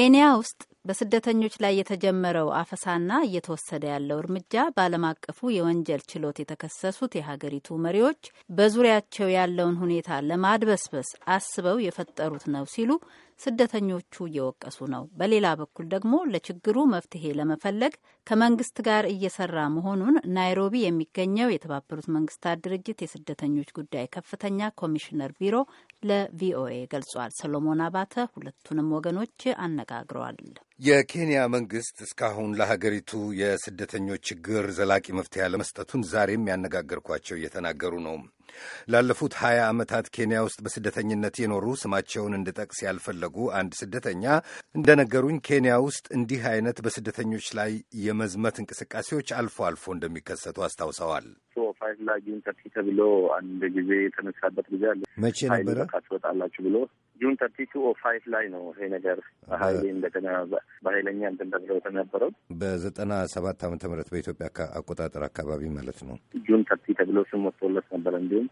ኬንያ ውስጥ በስደተኞች ላይ የተጀመረው አፈሳና እየተወሰደ ያለው እርምጃ በዓለም አቀፉ የወንጀል ችሎት የተከሰሱት የሀገሪቱ መሪዎች በዙሪያቸው ያለውን ሁኔታ ለማድበስበስ አስበው የፈጠሩት ነው ሲሉ ስደተኞቹ እየወቀሱ ነው። በሌላ በኩል ደግሞ ለችግሩ መፍትሄ ለመፈለግ ከመንግስት ጋር እየሰራ መሆኑን ናይሮቢ የሚገኘው የተባበሩት መንግስታት ድርጅት የስደተኞች ጉዳይ ከፍተኛ ኮሚሽነር ቢሮ ለቪኦኤ ገልጿል። ሰሎሞን አባተ ሁለቱንም ወገኖች አነጋግረዋል። የኬንያ መንግስት እስካሁን ለሀገሪቱ የስደተኞች ችግር ዘላቂ መፍትሄ ለመስጠቱን ዛሬም ያነጋገርኳቸው እየተናገሩ ነው። ላለፉት ሀያ ዓመታት ኬንያ ውስጥ በስደተኝነት የኖሩ ስማቸውን እንድጠቅስ ያልፈለጉ አንድ ስደተኛ እንደነገሩኝ ኬንያ ውስጥ እንዲህ አይነት በስደተኞች ላይ የመዝመት እንቅስቃሴዎች አልፎ አልፎ እንደሚከሰቱ አስታውሰዋል። ፋይቭ ላይ ተብሎ አንድ ጊዜ የተነሳበት ጊዜ አለ። መቼ ነበረ ትወጣላችሁ ብሎ ጁን ተርቲ ቱ ኦ ፋይቭ ላይ ነው ይሄ ነገር ሀይሌ እንደገና በሀይለኛ እንትን ተብለው ተነበረው በዘጠና ሰባት ዓመተ ምህረት በኢትዮጵያ አቆጣጠር አካባቢ ማለት ነው። ጁን ተርቲ ተብሎ ስም ወጥቶለት ነበረ። እንዲሁም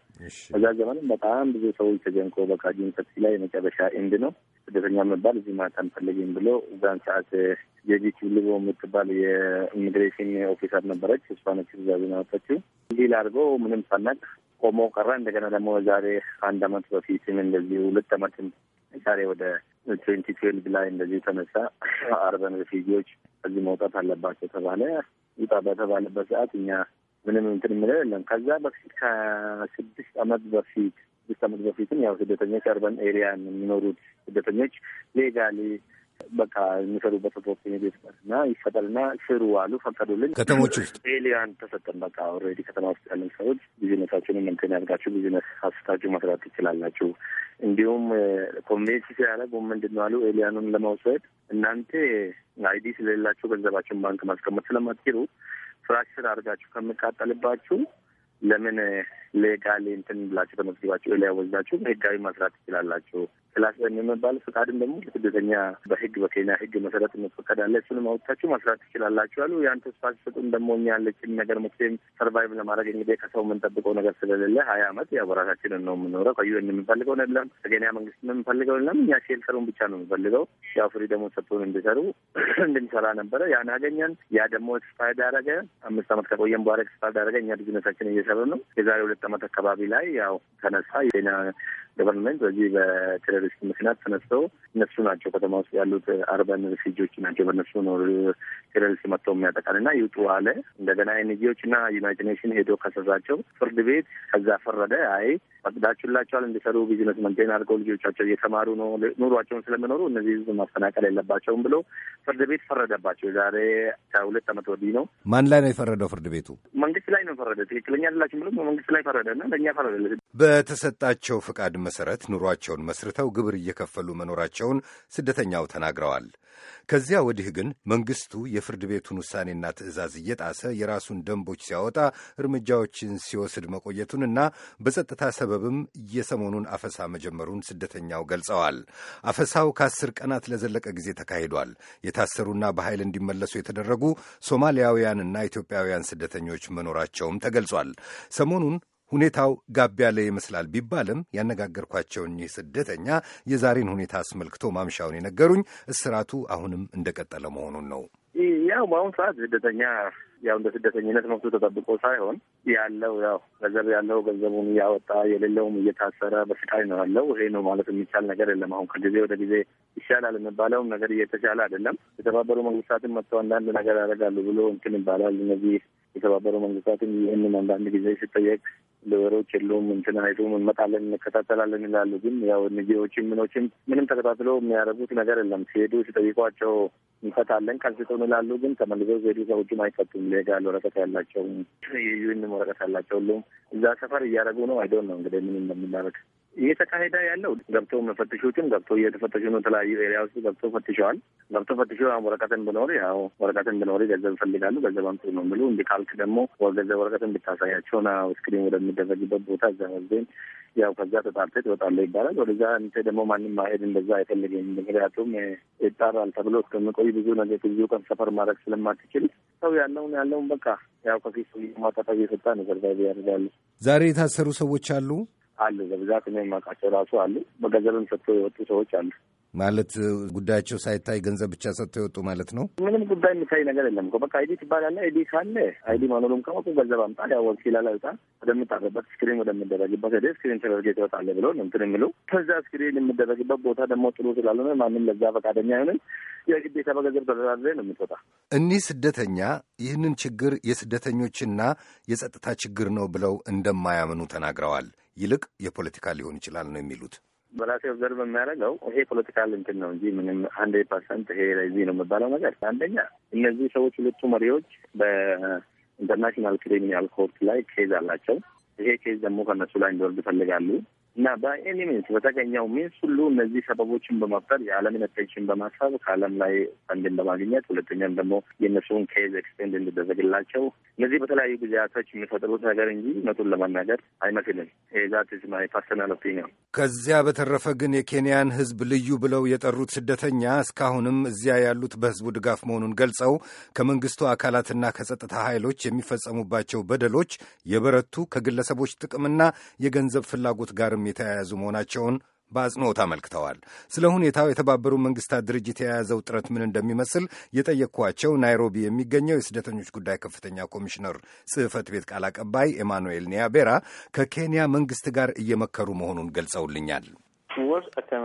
እዛ ዘመንም በጣም ብዙ ሰዎች ተጀንቆ በቃ ጁን ተርቲ ላይ መጨረሻ ኢንድ ነው ስደተኛ መባል እዚህ ማታ አንፈልግም ብሎ እዛን ሰዓት የጂች ልቦ የምትባል የኢሚግሬሽን ኦፊሰር ነበረች። እሷ ነች ትእዛዙን አወጣችው። ዲል አድርገው ምንም ሳናቅ ቆሞ ቀረ። እንደገና ደግሞ ዛሬ አንድ አመት በፊትም እንደዚህ ሁለት አመትም ዛሬ ወደ ትዌንቲ ትዌልቭ ላይ እንደዚህ ተነሳ። አርበን ሪፊውጂዎች እዚህ መውጣት አለባቸው ተባለ። ውጣ በተባለበት ሰዓት እኛ ምንም እንትን የምለው የለም። ከዛ በፊት ከስድስት አመት በፊት ስድስት አመት በፊትም ያው ስደተኞች አርበን ኤሪያን የሚኖሩት ስደተኞች ሌጋሊ በቃ የሚሰሩበት ኦፖርቹኒቲ ይፈጥና ይፈጠርና ስሩ አሉ፣ ፈቀዱልን። ከተሞች ውስጥ ኤሊያን ተሰጠን። በቃ ኦልሬዲ ከተማ ውስጥ ያለን ሰዎች ቢዝነሳችንን እንትን ያድርጋችሁ፣ ቢዝነስ አስታችሁ መስራት ትችላላችሁ። እንዲሁም ኮሚኒቲ ሲያደረጉ ምንድን ነው አሉ ኤሊያኑን ለመውሰድ እናንተ አይዲ ስለሌላችሁ ገንዘባችሁን ባንክ ማስቀመጥ ስለማትችሉ ፍራክቸር አድርጋችሁ ከምቃጠልባችሁ ለምን ሌጋሊ እንትን ብላችሁ ተመዝግባችሁ ኤሊያ ወዛችሁ ህጋዊ መስራት ትችላላችሁ ክላስ ወይም የሚባል ፍቃድም ደግሞ ለስደተኛ በህግ በኬንያ ህግ መሰረት መፈቀድ አለ። እሱንም አውጥታችሁ መስራት ትችላላችሁ አሉ። ያን ተስፋ ሲሰጡን ደግሞ እኛ ያለችን ነገር መቼም ሰርቫይቭ ለማድረግ እንግዲህ ከሰው የምንጠብቀው ነገር ስለሌለ ሀያ አመት ያው በራሳችንን ነው የምንኖረው። ከዩ የምንፈልገው የለም፣ ከኬንያ መንግስት የምንፈልገው የለም። እኛ ሼልተሩን ብቻ ነው የምንፈልገው። ያው ፍሪ ደግሞ ሰጡን እንዲሰሩ እንድንሰራ ነበረ። ያን አገኘን። ያ ደግሞ ስፋ ዳረገ አምስት አመት ከቆየን በኋላ ስፋ ዳረገ። እኛ ቢዝነሳችን እየሰሩ ነው። የዛሬ ሁለት አመት አካባቢ ላይ ያው ተነሳ ዜና ገቨርንመንት በዚህ በቴሮሪስት ምክንያት ተነስተው እነሱ ናቸው ከተማ ውስጥ ያሉት አርበን ሪፊጆች ናቸው በነሱ ነው ቴሮሪስት መጥተው የሚያጠቃል እና ይውጡ አለ። እንደገና ኤንጂዎች እና ዩናይትድ ኔሽን ሄዶ ከሰሳቸው ፍርድ ቤት ከዛ ፈረደ። አይ ፈቅዳችሁላቸዋል እንዲሰሩ ቢዝነስ መንቴን አድርገው ልጆቻቸው እየተማሩ ነው ኑሯቸውን ስለሚኖሩ እነዚህ ህዝብ ማፈናቀል የለባቸውም ብሎ ፍርድ ቤት ፈረደባቸው። ዛሬ ከሁለት ዓመት ወዲህ ነው። ማን ላይ ነው የፈረደው? ፍርድ ቤቱ መንግስት ላይ ነው ፈረደ። ትክክለኛ አይደላችሁም ብሎ መንግስት ላይ ፈረደ እና ለእኛ ፈረደ በተሰጣቸው ፍቃድ መሠረት ኑሯቸውን መስርተው ግብር እየከፈሉ መኖራቸውን ስደተኛው ተናግረዋል። ከዚያ ወዲህ ግን መንግሥቱ የፍርድ ቤቱን ውሳኔና ትዕዛዝ እየጣሰ የራሱን ደንቦች ሲያወጣ እርምጃዎችን ሲወስድ መቆየቱንና በጸጥታ ሰበብም የሰሞኑን አፈሳ መጀመሩን ስደተኛው ገልጸዋል። አፈሳው ከአስር ቀናት ለዘለቀ ጊዜ ተካሂዷል። የታሰሩና በኃይል እንዲመለሱ የተደረጉ ሶማሊያውያንና ኢትዮጵያውያን ስደተኞች መኖራቸውም ተገልጿል። ሰሞኑን ሁኔታው ጋብ ያለ ይመስላል ቢባልም ያነጋገርኳቸው እኚህ ስደተኛ የዛሬን ሁኔታ አስመልክቶ ማምሻውን የነገሩኝ እስራቱ አሁንም እንደቀጠለ መሆኑን ነው። ያው በአሁኑ ሰዓት ስደተኛ ያው እንደ ስደተኝነት መብቱ ተጠብቆ ሳይሆን ያለው ያው ገንዘብ ያለው ገንዘቡን እያወጣ የሌለውም እየታሰረ በስቃይ ነው ያለው። ይሄ ነው ማለት የሚቻል ነገር የለም። አሁን ከጊዜ ወደ ጊዜ ይሻላል የሚባለውም ነገር እየተሻለ አይደለም። የተባበሩ መንግስታትን መጥተው አንዳንድ ነገር ያደርጋሉ ብሎ እንትን ይባላል። እነዚህ የተባበሩ መንግስታትም ይህንን አንዳንድ ጊዜ ሲጠየቅ ለወሮች የለውም እንትን አይሉም እንመጣለን እንከታተላለን ይላሉ። ግን ያው ንጌዎችም ምኖችም ምንም ተከታትሎ የሚያደርጉት ነገር የለም። ሲሄዱ ሲጠይቋቸው እንፈታለን ቀልስጠውን ይላሉ። ግን ተመልሰው ሲሄዱ ሰዎችም አይፈቱም። ሌጋል ወረቀት ያላቸውም የዩን ወረቀት ያላቸው ሁሉም እዛ ሰፈር እያደረጉ ነው። አይዶን ነው እንግዲህ ምን እንደሚላረግ እየተካሄደ ያለው ገብቶ መፈተሾችም ገብቶ እየተፈተሹ ነው። የተለያዩ ኤሪያ ውስጥ ገብቶ ፈትሸዋል። ገብቶ ፈትሾ ወረቀትን ብኖር ያው ወረቀትን ብኖር ገንዘብ ይፈልጋሉ። ገንዘብ አምጡ ነው የሚሉ እንዲ ካልክ ደግሞ ገንዘብ ወረቀትን ብታሳያቸው ና ስክሪን ወደሚደረግበት ቦታ እዛ መዝን ያው ከዛ ተጣርተ ትወጣለህ ይባላል። ወደዛ እንተ ደግሞ ማንም ማሄድ እንደዛ አይፈልግም። ምክንያቱም ይጣራል ተብሎ እስከምቆይ ብዙ ነገር ብዙ ቀን ሰፈር ማድረግ ስለማትችል ሰው ያለውን ያለውን በቃ ያው ከፊት ማጣጣ እየሰጣ ነው ሰርቫይቭ ያደርጋሉ። ዛሬ የታሰሩ ሰዎች አሉ። አለ በብዛት እኔ የማውቃቸው ራሱ አሉ። በገንዘብም ሰጥቶ የወጡ ሰዎች አሉ። ማለት ጉዳያቸው ሳይታይ ገንዘብ ብቻ ሰጥተው የወጡ ማለት ነው። ምንም ጉዳይ የሚታይ ነገር የለም እኮ በቃ አይዲ ትባላለ። አይዲ ካለ አይዲ መኖሩም ካወቁ ገንዘብ አምጣ፣ ያ ወኪል አላውጣ፣ ወደምታርበት ስክሪን ወደምደረግበት ሄደ ስክሪን ተደርጌ ትወጣለ ብሎ እንትን የሚሉ ከዛ ስክሪን የምደረግበት ቦታ ደግሞ ጥሩ ስላልሆነ ማንም ለዛ ፈቃደኛ አይሆንም። የግዴታ በገንዘብ ተደራድረህ ነው የምትወጣ። እኒህ ስደተኛ ይህንን ችግር የስደተኞችና የጸጥታ ችግር ነው ብለው እንደማያምኑ ተናግረዋል። ይልቅ የፖለቲካ ሊሆን ይችላል ነው የሚሉት። በራሴ ኦብዘርቭ የሚያደርገው ይሄ ፖለቲካል እንትን ነው እንጂ ምንም ሀንድሬድ ፐርሰንት ይሄ ለዚህ ነው የሚባለው ነገር አንደኛ እነዚህ ሰዎች ሁለቱ መሪዎች በኢንተርናሽናል ክሪሚናል ኮርት ላይ ኬዝ አላቸው። ይሄ ኬዝ ደግሞ ከእነሱ ላይ እንዲወርድ ይፈልጋሉ። እና በኤኒ ሚንስ በተገኘው ሚንስ ሁሉ እነዚህ ሰበቦችን በመፍጠር የዓለምን አቴንሽን በማሳብ ከዓለም ላይ ፈንድን በማግኘት ሁለተኛም ደግሞ የእነሱን ኬዝ ኤክስቴንድ እንዲደረግላቸው እነዚህ በተለያዩ ጊዜያቶች የሚፈጥሩት ነገር እንጂ መጡን ለመናገር አይመስልም። ዛት ዝ ማይ ፐርሰናል ኦፒኒየን። ከዚያ በተረፈ ግን የኬንያን ሕዝብ ልዩ ብለው የጠሩት ስደተኛ እስካሁንም እዚያ ያሉት በሕዝቡ ድጋፍ መሆኑን ገልጸው ከመንግስቱ አካላትና ከጸጥታ ኃይሎች የሚፈጸሙባቸው በደሎች የበረቱ ከግለሰቦች ጥቅምና የገንዘብ ፍላጎት ጋርም ጋርም የተያያዙ መሆናቸውን በአጽንኦት አመልክተዋል። ስለ ሁኔታው የተባበሩ መንግስታት ድርጅት የያዘው ጥረት ምን እንደሚመስል የጠየቅኳቸው ናይሮቢ የሚገኘው የስደተኞች ጉዳይ ከፍተኛ ኮሚሽነር ጽህፈት ቤት ቃል አቀባይ ኤማኑኤል ኒያቤራ ከኬንያ መንግስት ጋር እየመከሩ መሆኑን ገልጸውልኛል። um,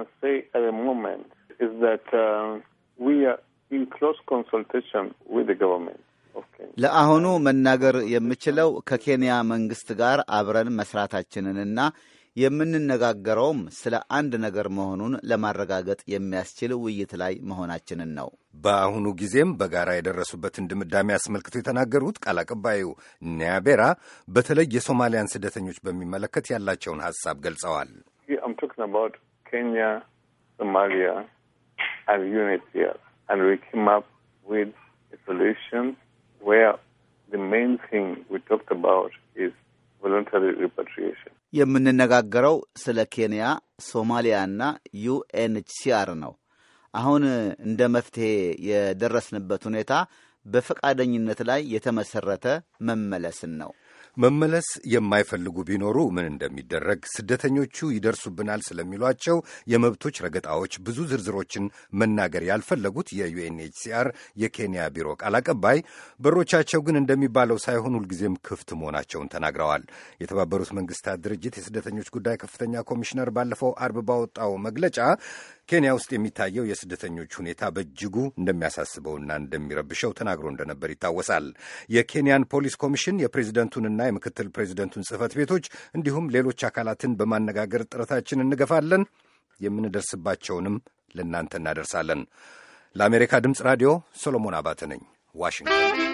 ለአሁኑ መናገር የምችለው ከኬንያ መንግስት ጋር አብረን መስራታችንንና የምንነጋገረውም ስለ አንድ ነገር መሆኑን ለማረጋገጥ የሚያስችል ውይይት ላይ መሆናችንን ነው። በአሁኑ ጊዜም በጋራ የደረሱበትን ድምዳሜ አስመልክቶ የተናገሩት ቃል አቀባዩ ኒያቤራ በተለይ የሶማሊያን ስደተኞች በሚመለከት ያላቸውን ሀሳብ ገልጸዋል። ኬንያ ሶማሊያ ሶሉሽን የምንነጋገረው ስለ ኬንያ፣ ሶማሊያና ዩኤንኤችሲአር ነው። አሁን እንደ መፍትሄ የደረስንበት ሁኔታ በፈቃደኝነት ላይ የተመሰረተ መመለስን ነው። መመለስ የማይፈልጉ ቢኖሩ ምን እንደሚደረግ፣ ስደተኞቹ ይደርሱብናል ስለሚሏቸው የመብቶች ረገጣዎች ብዙ ዝርዝሮችን መናገር ያልፈለጉት የዩኤንኤችሲአር የኬንያ ቢሮ ቃል አቀባይ በሮቻቸው ግን እንደሚባለው ሳይሆን ሁልጊዜም ክፍት መሆናቸውን ተናግረዋል። የተባበሩት መንግስታት ድርጅት የስደተኞች ጉዳይ ከፍተኛ ኮሚሽነር ባለፈው አርብ ባወጣው መግለጫ ኬንያ ውስጥ የሚታየው የስደተኞች ሁኔታ በእጅጉ እንደሚያሳስበውና እንደሚረብሸው ተናግሮ እንደነበር ይታወሳል። የኬንያን ፖሊስ ኮሚሽን የፕሬዚደንቱንና የፕሬዚደንቱንና የምክትል ፕሬዚደንቱን ጽህፈት ቤቶች እንዲሁም ሌሎች አካላትን በማነጋገር ጥረታችን እንገፋለን። የምንደርስባቸውንም ለእናንተ እናደርሳለን። ለአሜሪካ ድምፅ ራዲዮ ሰሎሞን አባተ ነኝ ዋሽንግተን